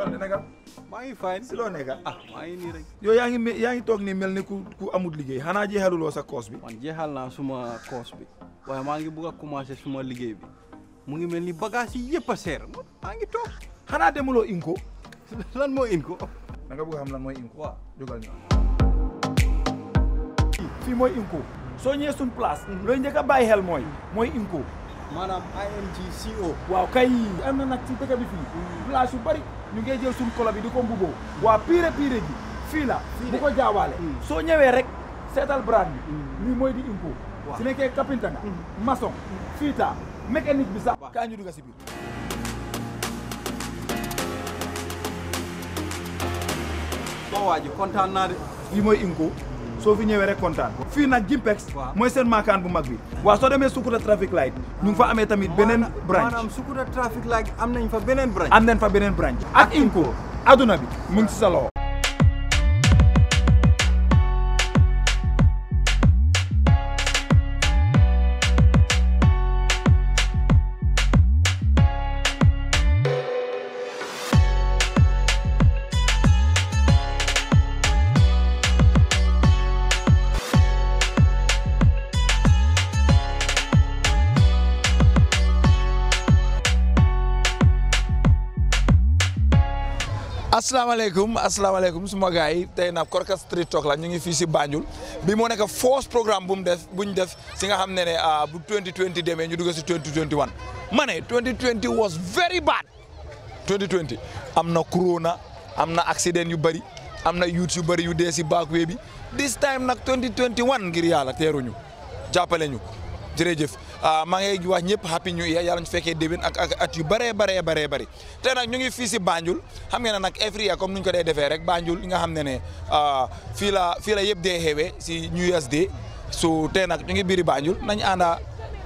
loolu dina nga. maa ngi fay si loo nekk ah rek. yow yaa ngi me yaa ngi toog nii mel ni ku ku amut liggéey xanaa jeexaluloo sa coos bi. jeexal naa suma coos bi waaye maa ngi bugg a commencé suma liggéey bi mu ngi mel ni bagage yi yëpp a seer maa ngi toog. xanaa demuloo inko. lan moo inko. da xam lan mooy inko. waaw soo ñëwee suñ place. Mhm. looy njëkk a bàyyi xel mooy. mooy inko. maanaam ING CO. waaw kay am na nag ci dëkk bi fii. Mhm. place yu bari. ñu ngay jël suñu kolo bi di ko waa pire pire ji fii la bu ko jaawaale soo ñëwee rek seetal brand bi mm. lii mooy di impôt su nekkee kapinta nga mm. maçon fiita mécanique bi sax kaa ñu ji kontaan naa de lii mooy impôt soo fi ñëwee rek kontaan fii nag Jimpex mooy seen maakaan bu mag bi waaw soo demee Sukuta traffic light ñu ngi fa amee tamit beneen branch maanaam Sukuta traffic light am nañ fa beneen branch am nañ fa beneen branch ak Inco adunabi. bi mu asalaamaaleykum asalaamaaleykum suma gars yi tey na Korka street talk la ñu ngi fii si Banjul bi moo nekk force programme bu mu def bu ñu def si nga xam ne ne ah, bu 2020 demee ñu dugg si 2021 ma ne 2020 was very bad 2020 am na corona am na accident yu bëri am na yuut yu bëri yu dee si backway bi this time nag 2021 ngir yàlla teeruñu jàppale ñu jërëjëf ngay ah, ngi wax ñepp happy new year yalla ñu fekke debine ak ak at yu bare bare bare bare te nak ñu ngi fi ci Banjul xam ngeen nak every year comme ñu ko day defee rek Banjul nga xam né euh ah, fi la fi la yépp dé xewee si New Year's Day su te nak ñu ngi biiri Banjul nañ anda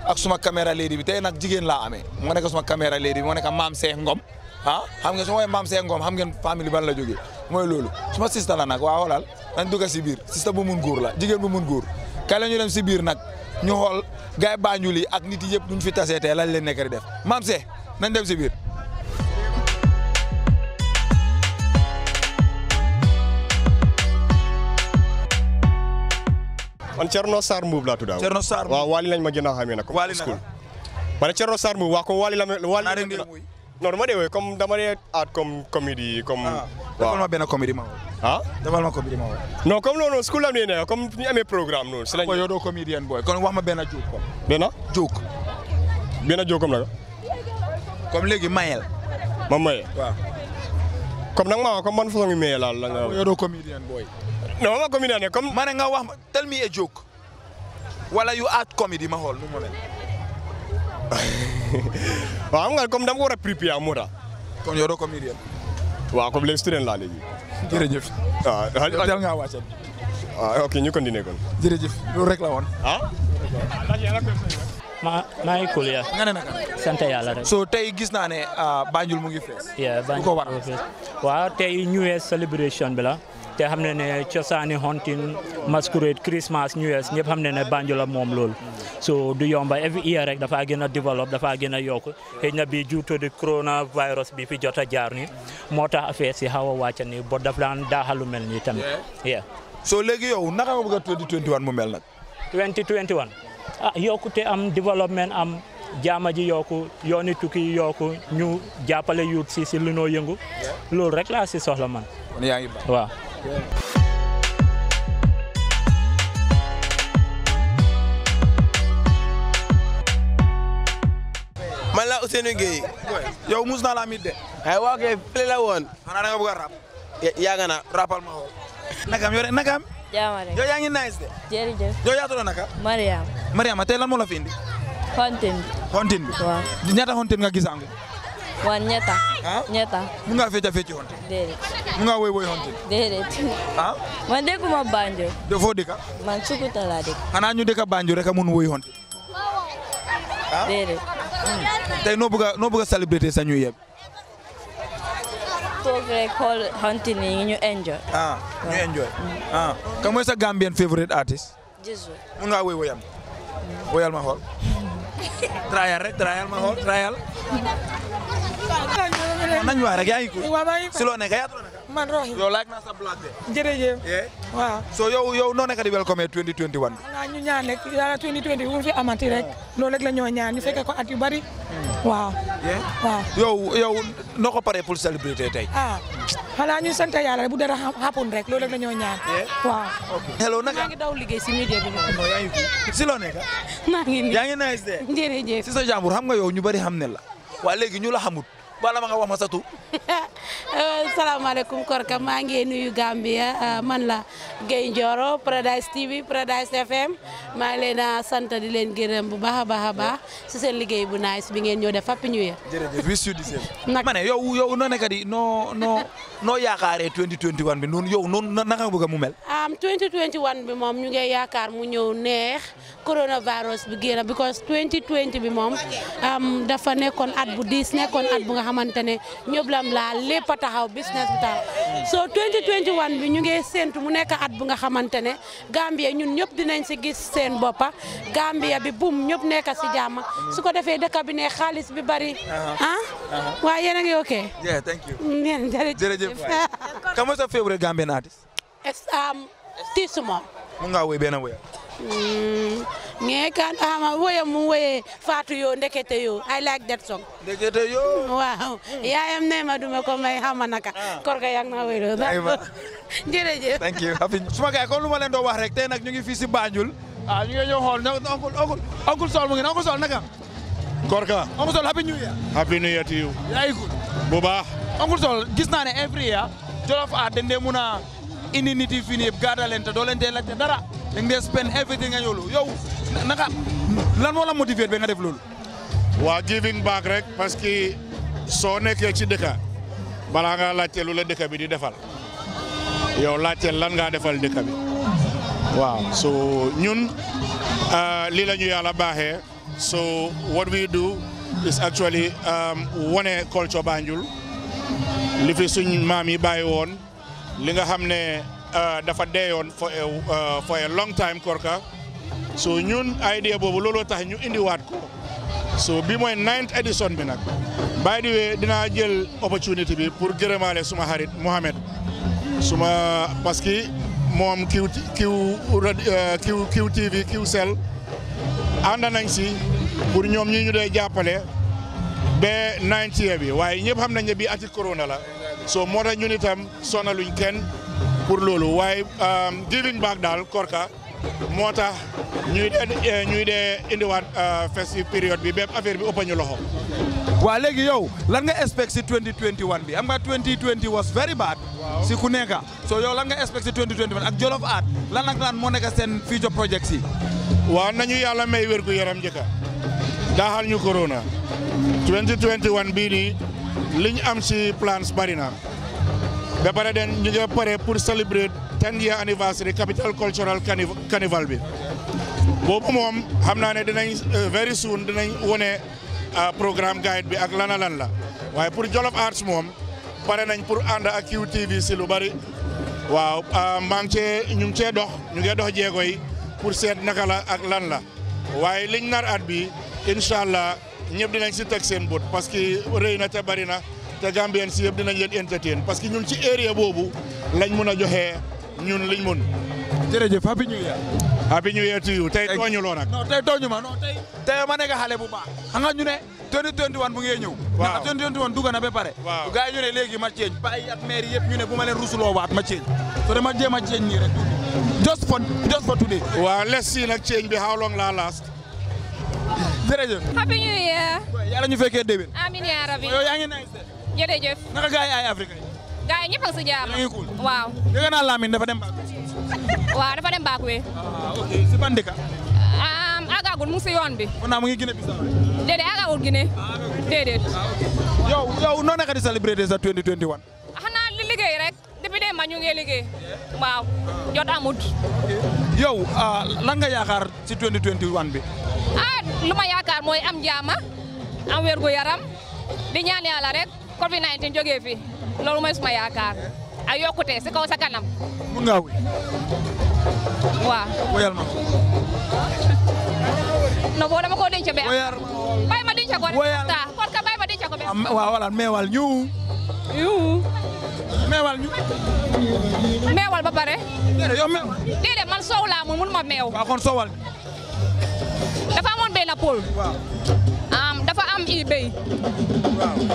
ak suma caméra lady bi tey nag jigéen laa amee moo nekk suma caméra lady mo moo mam maam Seex Ngom ha ah, xam nga suma mam cheikh Ngom xam ngeen family ban la joggé moy lolu suma sister la nak wa holal dañ dugg ci biir sister bu mën goor la jigen bu mën goor kala ñu dem ci biir nak ñu xool gaay Banjul yi ak nit yi yëpp duñ fi tasee tey lañ leen nekk def maam se nañ dem si biir man Thierno Sarr Mbuub laa tudd Thierno Sarr waaw waali lañ ma gën a xamee ko waali nag man Thierno Sarr Mbuub waa ko waali la la waali non dama dee dama dee aat comme comédie comme. Ah. waaw defal ma benn comédie ma ah? ma comédie ma woy. non comme loolu school la am nee na comme ñu amee programme noonu. si la ñu ah, ko yow doo comédien booy kon wax ma benn joke ko. benn joke. benn léegi mayel. ma maye waaw. comme maa comme man façon ngi maye laal la nga. yow doo comédien booy. ma ne nga wax tell me a joke. wala yu aat comédie ma xool waaw xam nga comme dama ko war a préparer moo tax. kon yow doo comédien. waaw comme les students laa léegi. jërëjëf. waaw ah, ah, ah. jël ngaa wàcce. waaw ok ñu continuer kon. jërëjëf loolu rek la maa ngi cool yaa. nga ne naka. sant yàlla rek. so tey gis naa ne Banjul mu ngi fees. yeah Banjul mu ngi fees. waaw tey New Year celebration bi te xam ne ne cosaani hunting masquerade Christmas New Year's ñëpp xam ne ne Banjul la moom lool so du yomba every year rek dafaa gën a développe dafaa gën a yokk xëy na bi juutoo di coronavirus bi fi jot a jaar ni moo tax affaire si xaw a wàcca ni ba daf daan daaxalu mel nii tamit yeah so léegi yow naka nga bëgg a 2021 mu mel nag 2021 ah yokkute am développement am jaama ji yokku yooni tukki yokku ñu jàppale yuut si si lu yëngu loolu rek la si soxla man. kon man la Ousseynou Gueye. yow mus naa laa mit de. aywa kay fële la woon. xanaa da nga bëgg rap. yaa ya nga na rapal ma woo. nakam yore nakam. jaama rek yow ya nice de. jërëjëf yow yaa tudd nakam, Mariam. Mariam tey lan moo la fi indi. kontin hunting kontin bi. waaw ñaata nga gisangu. waa ñetta. ah ñetta. mun ngaa fecc a fecc honte. déedéet. woy woy honte. déedéet. ah. man dëkkuma Banjul. dafoo dëkka. man Sukuta laa dëkk. xanaa ñu dëkka Banjul rek a mun woy honte. ah déedéet. Hmm. noo bëgg a noo bëgg a célébrité sa ñuy yeb. toog rek xool honte ni ñu enjoy. ah ñu enjoy. Hmm. sa Gambian favorite artist. Jizzle. mun ngaa woy woyal ma xool. Hmm. trial rek trial ma xool trial. nañ waay rek yaa ngi cool si loo nekk yaa trop nekk man rohi yow like so yow yow noo nekk di welcome 2021 xanaa ñu ñaan rek yàlla 2020 wu fi amati rek loolu rek la ñoo ñaan ñu fekkee ko at yu bari mm. waaw waaw yow yow ko paree pour célébrer tey ah xanaa ñu sant yàlla bu dara happen rek loolu rek la ñoo ñaan waaw hello naka ngi daw liggéey si média si loo nekk maa ngi yaa ngi nice de jërëjëf si sa jàmbur xam nga yow ñu bari xam ne la waa léegi ñu la xamut wala ma nga wax ma sa tur. Euh, salaamaaleykum Korka maa ngi nuyu Gambia euh, man la Guèye Ndioro Paradise TV Paradise FM maa ngi leen a sant di leen gërëm bu baax a baax a baax si seen liggéey bu nice bi ngeen ñëw def Happy New Year. jërëjëf yow yow noo nekk noo noo noo yaakaaree 2021 bi noonu yow noonu naka nga bëgg mu mel. am um, 2021 bi moom ñu ngi yaakaar mu ñëw neex coronavirus bi génn because 2020 bi moom um, dafa nekkoon at bu diis nekkoon at bu nga xamante ne ñëpp lam laa lépp a taxaw business bi taxaw soo 2021 bi ñu ngi séntu mu nekk at bu nga xamante ne Gambia ñun ñëpp dinañ si gis seen boppa Gambia bi buum ñëpp nekk si jàmm su ko defee dëkk bi ne xaalis bi bari uh-huh. ah uh-huh. waaw yéen a ngi ok yeah thank you jërëjëf kan mooy sa favorite Gambian Moom um, nge hmm. kanta ah, xama woyam mu woye Fatou Yo ndekete yo I like that song ndekete yo waaw hmm. yaayam ne ma duma ko may naka ah. kor ga yak ma woylo jërëjëf thank you suma gaay comme lu ma leen doon wax rek tey nag ñu ngi fii si Banjul ah ñu ngi ñëw xool oncle oncle Korka oncle Sol happy new year happy new yaa ngi bu baax oncle gis naa ne every year Jollof Art dañ dee mun a indi nit yi fii nii doo leen dara dañ dee spend everything nga ñëw yow naka lan moo la motiver ba nga def loolu. waa giving back rek parce que soo nekkee ci dëkka balaa nga laajte lu la dëkk bi di defal yow laajte lan ngaa defal dëkk bi waaw so ñun ah, lii la ñu yàlla baaxee so what we do is actually um, wane culture Banjul li fi suñ maam yi bàyyi woon li nga xam ne. Euh, dafa deeyoon for euh, for a long time korka so ñun idea boobu looloo tax ñu indiwaat ko so bi mooy ninth edition bi nag by the way dinaa jël opportunité bi pour gërëmaale suma xarit Mohamed suma parce que moom kiw kiw kiw TV kiw sel ànd nañ si pour ñoom ñi ñu dee jàppale ba ninth year bi waaye ñëpp xam nañ bi ati corona la so moo tax ñun itam sonaluñ kenn pour loolu waaye giving um, back dal Korka motax ñuy dé eh, ñuy indi wat uh, festive période bi bép affaire bi ëpp loxo. wa légui yow lan nga expect ci 2021 bi am nga 2020 was very bad. si ku nekk so yow lan nga expect ci 2021 ak Jollof Art lan nak lan mo nekk sen future project si. wa nañu yalla may wër gu yaram njëkka daaxal ñu corona 2021 bi ni liñ am ci plans bari na. ba pare den ñu ngi pare pour célébrer ten year anniversary capital cultural carnival bi boobu moom xam naa ne dinañ euh, very soon dinañ wone euh, programme guide bi ak lana lan la waaye pour Jollof Arts moom pare nañ pour ànd ak QTV si lu bari waaw euh, maa ngi cee ñu ngi cee dox ñu ngi dox jéego yi pour seet naka la ak lan la waaye liñ nar at bi incha allah ñëpp dinañ si teg seen bët parce que rëy na te bari na. te Gambien si yëpp dinañ leen entertain parce ñun ci area boobu lañ mun a joxe ñun liñ mun. jërëjëf happy new year. happy new year to you tey tooñu loo nag. non tey tooñu ma non tey tey ma nekk xale bu baax. xam nga ñu ne 2021 bu ngeen ñëw. waaw ndax na ba pare. waaw gars yi ne léegi ma change bàyyi at maire yëpp ñu ne bu ma leen rusuloo waat ma change so dama jéem a change nii rek just for just for today. waaw let's see nag change bi how long la last. jërëjëf. happy new yaa yaa ngi nice de. jërëjëf. naka gars yi ay Afrique. gars yi si jàmm. waaw. dégg naa Lamine dafa dem Bakwe. waaw dafa dem Bakwe. ah ok si ban dëkk. mu si yoon bi. kon naa mu ngi Guinée Bissau. déedéet agagul ah, ah, yow yow noo nekkati célébrer sa 2021. xanaa li liggéey rek depuis dem ma ñu ngi liggéey. waaw jot amut. yow ah, lan nga yaakaar si 2021 bi. ah lu yaakaar mooy am jaama am wérgu yaram di ñaan yàlla rek. Covid 19 jógee loolu mooy suma yaakaar ak yokkute si kaw sa kanam. mun ngaa wéy. waaw. woyal ma. non boo dama ko denc be. woyal bay ma denc ko rek. woyal ta ka bay ma denc ko be. waaw voilà meewal ñu. yu. meewal ñu. meewal ba pare. déedéet man soow laa mun ma meew. waaw kon soowal. dafa amoon am i béy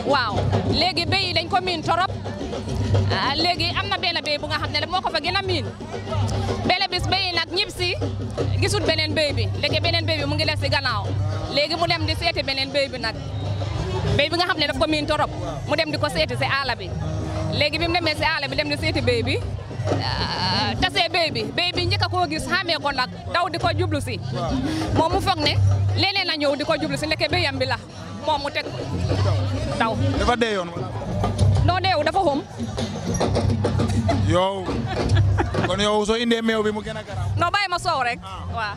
waaw léegi béy yi dañ ko miin torop ah, léegi am na benn béy bu nga xam ne moo ko fa gën a miin benn bis béy yi nag ñib si gisul beneen béy bi léegi beneen béy bi mu ngi des si gannaaw léegi mu dem di seete beneen béy bi nag béy bi nga xam ne daf ko miin torop mu dem di ko seeti si àll bi léegi bi mu demee si àll bi dem di seeti béy bi ah, tasee béy bi béy bi njëkk a koo gis xamee ko nag daw di ko jublu si mu foog ne leneen a ñëw di ko jublu si ndeke béyam bi la moom mu teg daw. dafa dee yoon wala. noo deewu dafa xum. yow kon yow soo indee meew bi mu gën a garaaw. noo bàyyi ma soow rek ah. waaw.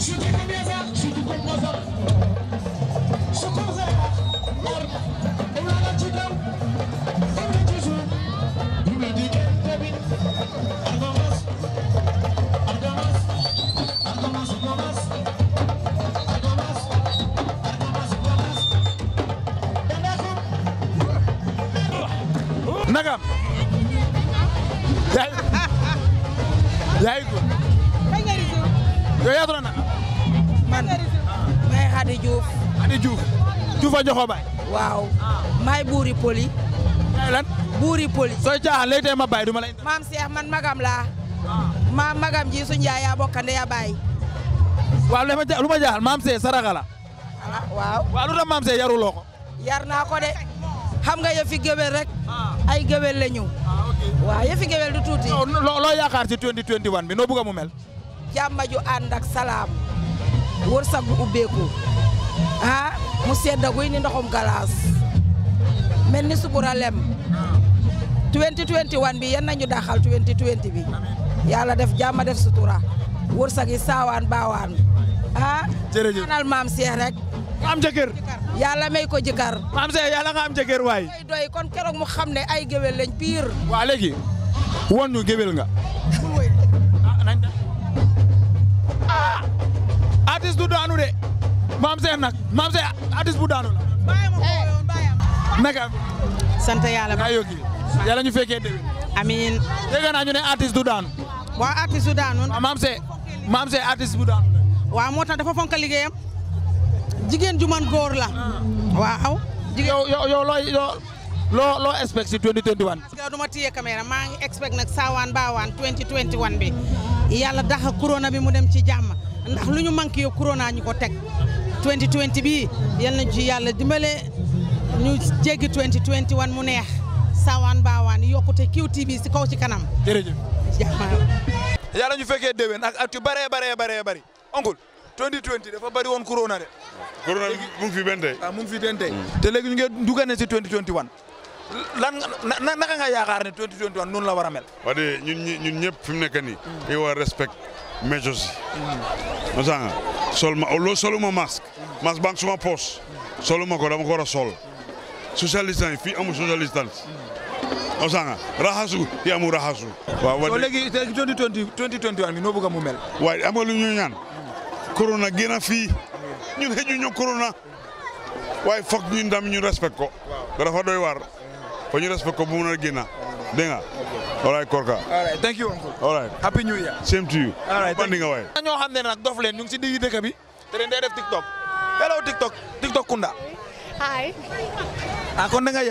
Chuta pra mesa, chuta pra mesa. Jaxoo Baay. waaw maay buuri poli. maay lan buuri poli. sooy caaxaan léegi tey ma baay du ma lay. maam Cheikh man magam laa. maam magam ji suñu yaay yaa bokkande yaa baay. lu ma ja ma jaaxal maam Cheikh saraxa la. Ah, waaw waaw lu tax maam Cheikh yaruloo ko. yar naa ko de xam nga yëfi géwél rek. ay géwél la ñu. Ah, waaw yëfi géwél du tuuti. loo loo yaakaar ci 2021 bi noo bëgg a mu mel. jàmm ju ànd ak salaam. wërsëg bu ubbeeku. ah mu seddaguy ni ndoxum galas melni su 2021 bi yan nañu daxal 2020 bi yalla def jamma def sutura wursagi yi bawan, baawaan ah jërëjëf ñaanal maam Cheikh rek am jeuker yalla may ko jikar maam Cheikh yalla nga am jeuker way doy kon keroog mu xam ay gewel lañ piir waa won ñu nga ah, ah! artiste du daanu de maam Cheikh nag maam Cheikh artiste bu daanu la. naka. sant yàlla ba yóbbu yàlla ñu fekkee déwén. amiin. ne artiste du daanu. waa artiste du daanu. waaw maam Cheikh maam Cheikh artiste bu daanu waa moo tax dafa fonk liggéeyam. jigéen ju man góor la. waaw. jigéen yow yow loo loo expect si 2021. parce que du ma téye maa ngi expect nag saawaan baawaan 2021 bi yàlla dax corona bi mu dem ci jàmm ndax lu ñu manqué yow corona ñu ko teg 2020 bi yal na ji yàlla dimbale ñu jéggi 2021 mu neex saawaan baawaan yokkute QTV si kaw ci kanam. jërëjëf yàlla ñu fekkee déwén ak at yu bari bëree bëree bëri onkul 2020 dafa bëri woon corona de. corona mu ngi fi benn tey. waaw mu ngi fi benn tey hmm. te léegi ñu ngi dugg ne si 2021 lan na naka nga yaakaar ne 2021 noonu la war a mel. wax ñun ñun ñëpp fi mu nekk respect mejosi osanga solma lo oh, soluma masque masque bang suma poche soluma ko dama ko a sol social distance fii amul social distance osanga raxasu fii amul raxasu waaw so léegi 2021 bi noo bëgg mu mel waaye am nga lu ñu ñaan corona gën a fii ñun ñu corona waaye foog ñu ndam ñu respect ko dafa doy waar fa ñu respect ko bu mun a dégg nga. all right Korka. all thank you uncle. all happy new year. same to you. all right bandi nga waay. ñoo xam ne nag dof leen ñu ngi si digg dëkk bi TikTok hello TikTok TikTok Kunda. hi. ah kon da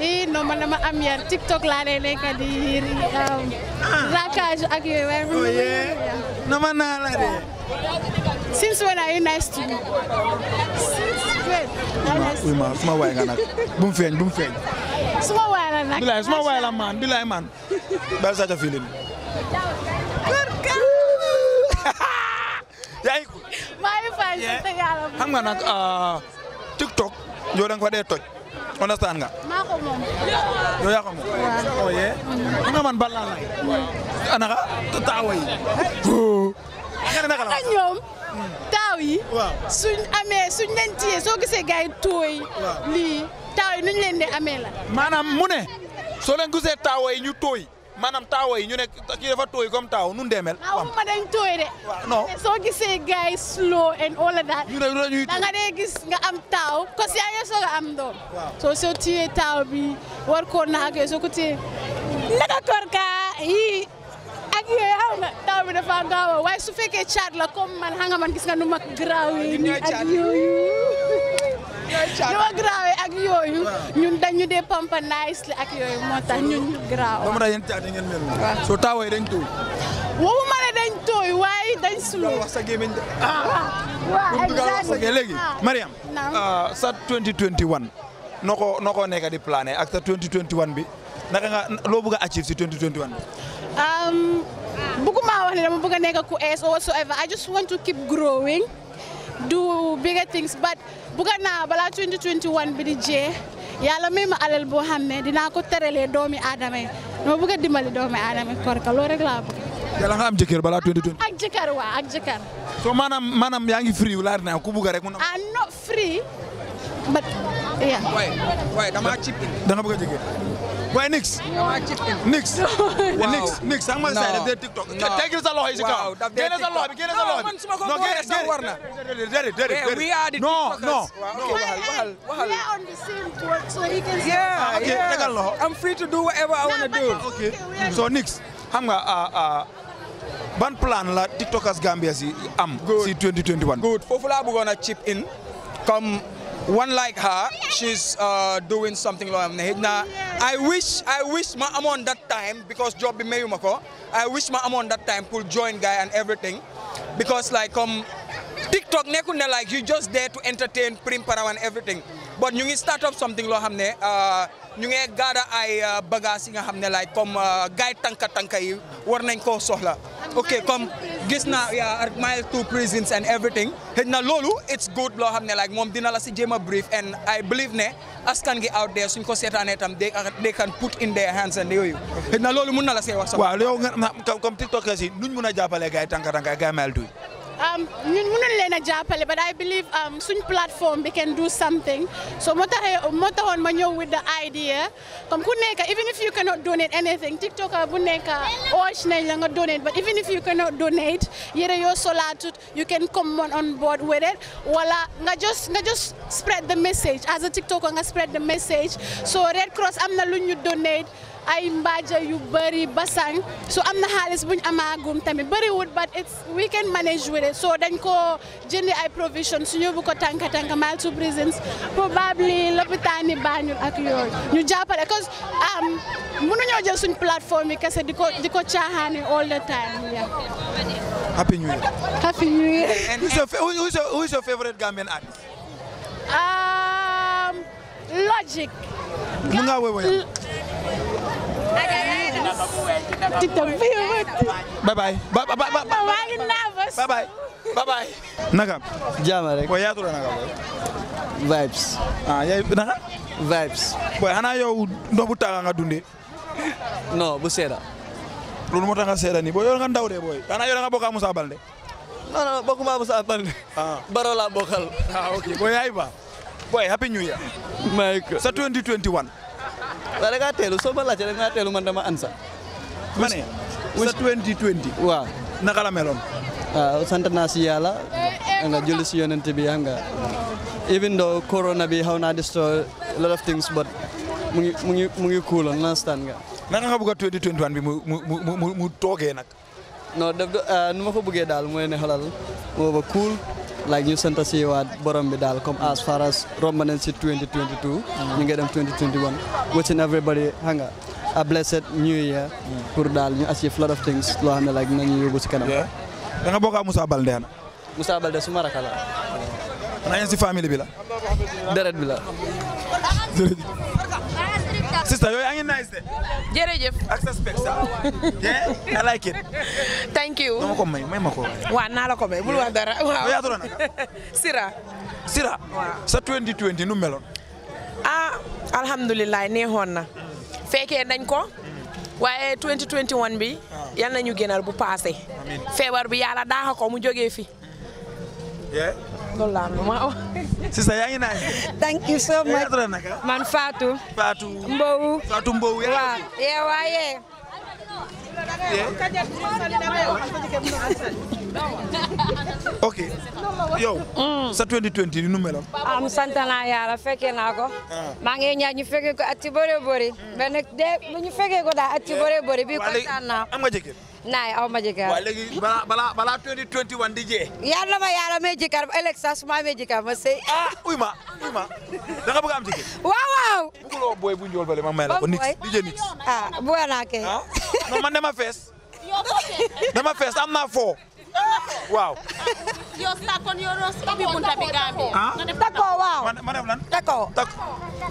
ii non man dama am yar TikTok laa lay nekk di um, ah. raccage ak yooyu waaye. oye nama oh, naa la de. since when are you nice Oui, man, suma waay nga nag bu mu feeñ suma waay la lah man bilaay man bal sa ta filin yaay ko fay xam tiktok fa toj nga oh yeah nga man lay anaka taaw yi. suñ amee suñ leen téye soo gisee gars yi tooy. lii taaw yi nuñ leen di amee la. maanaam mu ne soo leen gisee taaw yi ñu tooy maanaam taaw yi ñu ne kii dafa tooy comme taaw nu mu demee. waaw ma dañ tooy de. non soo gisee gars yi slow and all of that. ñu ne ñu ñuy da nga dee gis nga am taaw ko si yaa soo nga am doom. soo soo téye taaw bi war koo naagee soo ko téye naka kor ka yii. yeah awna taw bi dafa gaaw a waaye su fekkee caat la comme man xam nga man gis nga nu ma graawee nii ak yooyu nu ma ak yooyu ñun dañu dee pampa nicely ak yooyu moo tax ñun ñu graaw dama da yeen caat yi ngeen mel nii soo dañ tooy wowu ma ne dañ tooy waaye dañ sulu wax sa gémmiñ de waaw exactly léegi nah. Mariam nah. eh, sa 2021 noko noko neka di plané ak sa 2021 bi naka nga loo bëgg achieve si 2021 Um, buguma wax ne dama bëgg a nekk ku ees or whatsoever I just want to keep growing do bigger things but bëgg naa balaa 2021 bi di jee yàlla may ma alal boo xam ne dinaa ko teralee doomi aadama yi dama bëgg a dimbali doomi aadama yi korka loolu rek laa bëgg. yàlla nga am jëkkër balaa 2020. ak jëkkër waa ak jëkkër. so maanaam maanaam yaa ngi free laa na ku bugg rek mun na. ah non free but yeah. waaye waaye damaa ci. da nga bëgg a jëkkër. waaye Nix. Nix. waaw Nix Nix sax ma say def dee TikTok. tegil sa loxo yi si kaw. génne sa loxo bi génne sa loxo bi. non man su ma ko boole sax war na. déedéet déedéet non non. waxal waxal. yeah yeah tegal loxo. I'm free to do whatever I want to do. okay so Nix xam nga. Ah, ah, ban plan la tiktokers Gambia si am. si 2021. good foofu laa bëggoon a chip in comme. one like her she's uh, doing something loo xam ne xëy na I wish I wish ma amoon that time because job bi mayu ma ko I wish ma amoon that time pour join guy and everything because like comme TikTok nekkul ne like you just there to entertain prim parawan everything but ñu ngi start up something loo xam ne. Uh, ñu ngi gaada ay uh, bagages nga xam ne like comme uh, gaay tanka tanka yi war nañ koo soxla ok comme gis naa yaa ak mile two prisons and everything xëy na loolu it's good loo xam ne like moom dina la si jéem a brief and I believe ne askan gi out there suñ ko seetaan tam they they can put in their hands and yooyu xëy na loolu mun na la see wax. waaw yow nga comme tiktokers yi ñu mun a jàppalee gaay tanka tanka gaay mile two Um, ñun mënuñ leen a jàppale but I believe um, suñ platform bi can do something so moo taxee moo taxoon ma ñëw with the idea comme ku nekk even if you cannot donate anything TikTok bu nekk urge nañ la nga donate but even if you cannot donate yére yoo solaatut you can comme on board with wala nga just nga just spread the message as a TikToker nga spread the message so Red Cross am na lu ñu donate ay mbaaja yu bëri basang so am na xaalis buñ amaagum tamit bëriwul but it's we manage with so dañ ko jëndi ay provision su ñëw bu ko tànka tànka mal to prisons probably lopitaani Banjul ak yooyu ñu jàppale cause um, mënuñoo jël suñ plateforme yi kese di ko di ko caaxaane all the time Happy New Year. Happy New Year. TikTok bi bye bye ba ba booy yaa tudd booy vibes ah yaay bu tànga nga dundee non bu seeda loolu moo tax seeda nii booy yow nga ndaw de booy xanaa yow nga bokk ak Moussa Balde non non bokkuma Moussa Balde ah baro laa booy ah, yaay ba booy happy new year sa 2021 waaw da ngaa teelu soo ma laajte da ngaa teelu man ma ne sa 2020. waaw naka la meloon. waaw sant naa si yàlla nga julli si bi xam nga even though corona bi xaw naa destroy a lot of things but mu ngi mu ngi mu ngi nga. naka nga bi mu mu mu toogee nag. non def ah, nu ma ko bëggee daal mooy ne xalal moo ba cool. like ñu sant si waa borom bi daal comme as far as romb nañ si 2022. Mm-hmm. ñu ngi dem 2021. everybody xam a blessed new year. Mm-hmm. pour daal ñu achieve lot of things loo xam ne like nañu yóbbu si kanam. da nga bokk ak Moussa Balde ana. Moussa Balde suma rakk la. xanaa si famille bi la. deret bi la. Sister, you're hanging nice there. Jerry Jeff. Access specs. Yeah, I like it. Thank you. Noma ko may, may mako. Wa na la ko may, bul wax dara. Waaw. Oh, Yaa toro naka? Sira. Sira. Wow. So 2020 no melon? Ah, alhamdulillah neexoon na. Fekkee dañ ko. waaye 2021 bi ah. yal nañu génnal bu paase. feebar bi yàlla daaxa ko mu jógee fi. loolu laa am lu ma Sister yaa Thank you so much. Man Fatu. mbou Mbow. Fatou wa yaa. Waaw, yee waa yee. ok yow. Mm. sa 2020 ni numero. Am ah, am na ya la feke na ko. maa ngi ñaan ñu fekkee ko at bore. bëree bëri. de ni feke ko da at bore bëree bëri bii am nga naay aw ma jëkkër. waaw léegi balaa balaa balaa 2021 di jee. yàlla ma yàlla may jëkkër ba ëllëg sax su ma amee jëkkër ma sëy. ah uy ma uy ma da nga bëgg am jëkkër. waaw waaw. bëgguloo booy bu njool bale ma may la ko nit di jee nit. ah bu wanaa kay. ah non man dama fees. dama fees am naa foo. waaw. yow saa kon yow doon si bi bunta bi Gambie. ah tako waaw ma def lan. tako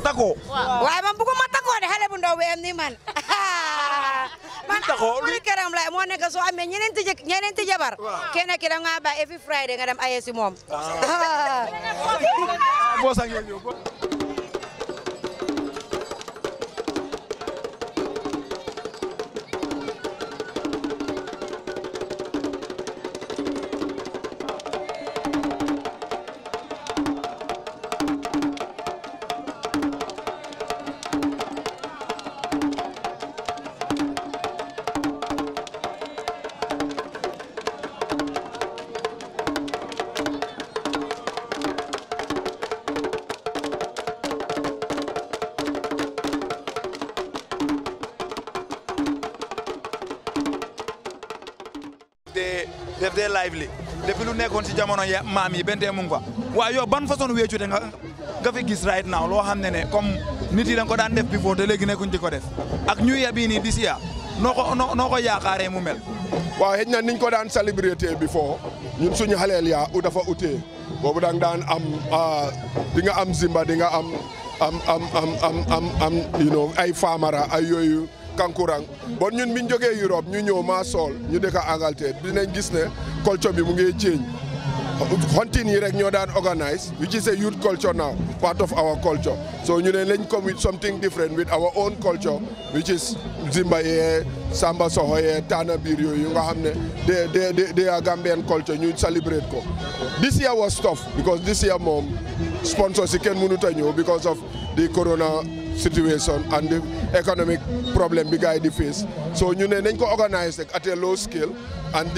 tako. waaw waaye man bëgguma tako de xale bu ndaw bi am ni man. man amul ah, këram la moo nekk soo amee ñeneenti jëkk ñeneenti jabar kenn ki da nga bàyyi every Friday nga dem aye si moom ah. Ah, def des live li depuis lu nekkoon ci jamono ya maam yi bentee mu ngi fa waaw yow ban façon weecu te nga nga fi gis right now loo xam ne ne comme nit yi da ko daan def before te léegi nekkuñ di ko def ak ñu yabii nii di yaa noo ko noo ko yaakaaree mu mel waaw xëj na niñ ko daan célébrité before ñun suñu xaleel yaa u dafa utee boobu dang daan am ah, di nga am zimba di nga am am am am am am you know ay faamara ay yooyu kankurang bon ñun biñ jógee Europe ñu ñëw maa sool ñu dëkk Angleterre dinañ gis ne culture bi mu ngi change hunting yi rek ñoo daan organize which is a youth culture now part of our culture so ñu ne lañ come with something different with our own culture which is Zimba yee Samba Soho yee Tana Biir yooyu nga xam ne they they they are Gambian culture ñu celebrate ko this year was tough because this year moom sponsors yi kenn mënut a ñëw because of the corona situation and the economic problem big guy face. So you know, can organize at a low scale, and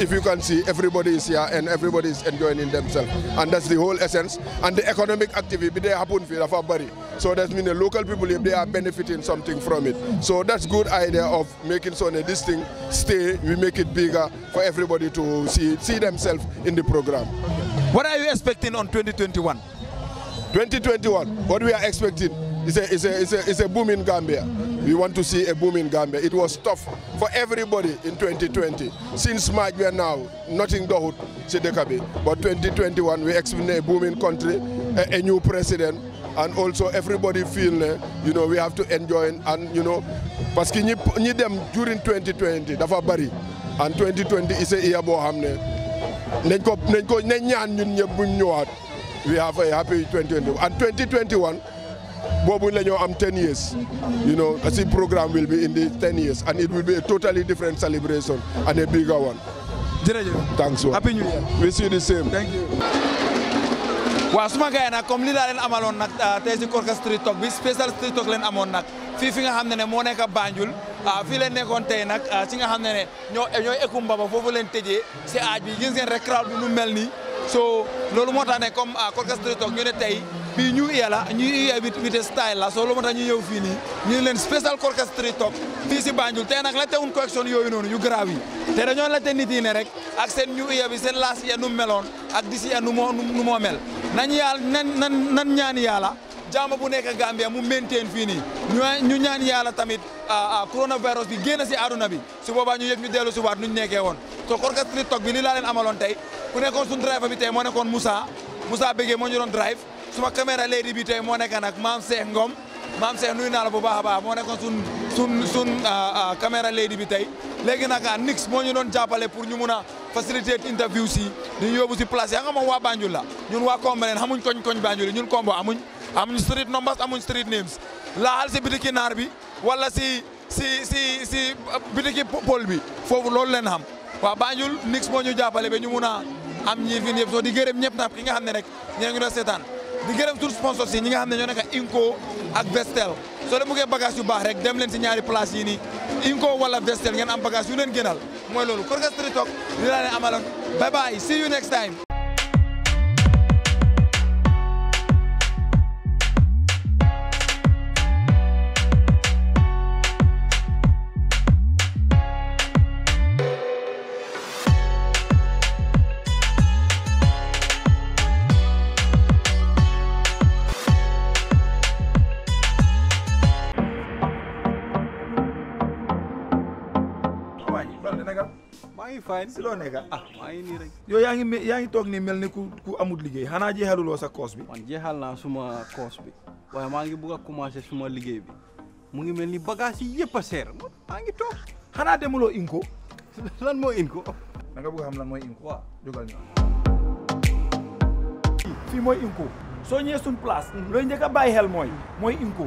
if you can see, everybody is here and everybody is enjoying themselves, and that's the whole essence. And the economic activity they happen for everybody. So that means the local people they are benefiting something from it. So that's good idea of making so that this thing stay. We make it bigger for everybody to see see themselves in the program. What are you expecting on 2021? 2021, what we are expecting It's a, it's, a, it's, a, it's a boom in Gambia. We want to see a boom in Gambia. It was tough for everybody in 2020. Since March we are now, nothing dohut, Sidekabi. But 2021, we expect a booming country, a, a new president, and also everybody feel uh, you know we have to enjoy and you know parce que ñi ñi dem during 2020 dafa bari and 2020 is a year boo xam ne nañ ko nañ ko nañ ñaan ñun ñëpp buñ ñëwaat we have a happy 2021 and 2021 Bobu Lenyo, I'm 10 years. You know, I see program will be in the 10 years it will be a totally different celebration and a bigger one. Thanks. One. Happy New Year. We see suma gars yi nag li laa leen amaloon nag ah, tey si Korka street talk bi spécial street talk leen amoon nag fi nga xam ne ne moo nekk Banjul ah, fii leen nekkoon tey nag ah, si nga xam ne ne ñoo ñooy ekum mbaba foofu leen tëjee si aaj bi gis rek crowd bi nu mel nii so loolu moo tax ne comme Korka street talk ñu ne bii ñu yee la ñu yee vitesse style la soo lu ma ñu ñëw fii nii ñu ngi leen special corkes street top fii si Banjul te nag la yooyu noonu yu garaaw yi te dañoo la te nit rek ak seen ñu yee bi seen laas nu meloon ak di si ya nu moo nu moo mel nañ yàlla nan nan ñaan yàlla jaama bu nekk Gambia mu maintain fii nii ñu ñaan yàlla tamit ah, ah, coronavirus bi génn si àdduna bi su boobaa ñu yëg ñu dellu si waat nu ñu nekkee woon so corkes street bi li laa leen tey ku nekkoon moo nekkoon Moussa Moussa Bégé moo ñu doon drive suma caméra lady bi tey moo nekk nak maam Cheikh Ngom maam Cheikh nuyu naa la bu baax moo nekkoon sun sun sun ah, ah, lady bi tey léegi nag ah, nix moo ñu doon jàppale pour ñu mun a faciliter interview si di yóbbu si place yaa nga moom waa Banjul la ñun waa Cambérène xamuñ koñ koñ Banjul ñun combo amuñ amuñ street numbers amuñ street names laal si bitiki naar bi wala si si si si bitiki pol bi foofu loolu leen xam waa Banjul nix moo ñu jàppale ba ñu mun a am ñii fi gërëm ñëpp nag ki nga xam ne rek ñee ngi doon seetaan di gërëm tur sponsors yi ñi nga xam ñoo nekk Inco ak Vestel soo leen bëggee bagage yu baax rek dem leen si ñaari place yi nii Inco wala Vestel ngeen am bagage yu leen gënal mooy loolu Korka Street Talk li laa leen amaloon bye bye see next time waaye si loo nekka ah. ah maa ngi nii rek yow yaa ngi yaa ngi toog ni mel ni ku ku amut liggéey xanaa jeexaluloo sa koos bi man jeexal naa suma coos bi waaye maa ngi bugg a commencé suma liggéey bi mu ngi mel ni bagage yi yëpp a seer maa ngi toog xanaa demuloo inko lan moo inko da nga bugg xam lan mooy inko waaw jógal ñu fii soo ñëwee suñ place looy njëkk a bàyyi xel mooy mooy inko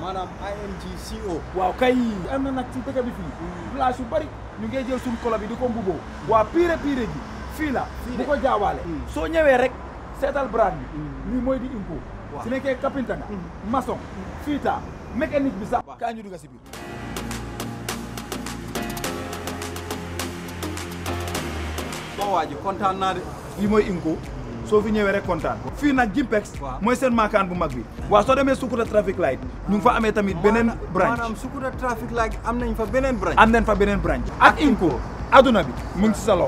maanaam IMGCO. E waaw kay. am na nag ci dëkk bi fii. Hmm. place yu bari ñu ngay jël suñu kolo bi di ko mbuboo. waa pire pire ji fii la. bu ko jaawaale. Hmm. soo ñëwee rek seetal brand bi. Hmm. lii mooy di impo. waaw nekkee kapinta nga. maçon fiita mécanique bi sax. kaa ñu dugg si waa ji kontaan naa de. lii mooy impo. soo fi ñëwee rek kontaan fii nag Jimpex mooy seen maakaan bu mag bi waaw soo demee Sukuta traffic light ñu ngi fa amee tamit beneen branch am nañ fa beneen branch am nañ fa beneen branch ak Inco aduna bi mu ngi si sa loxo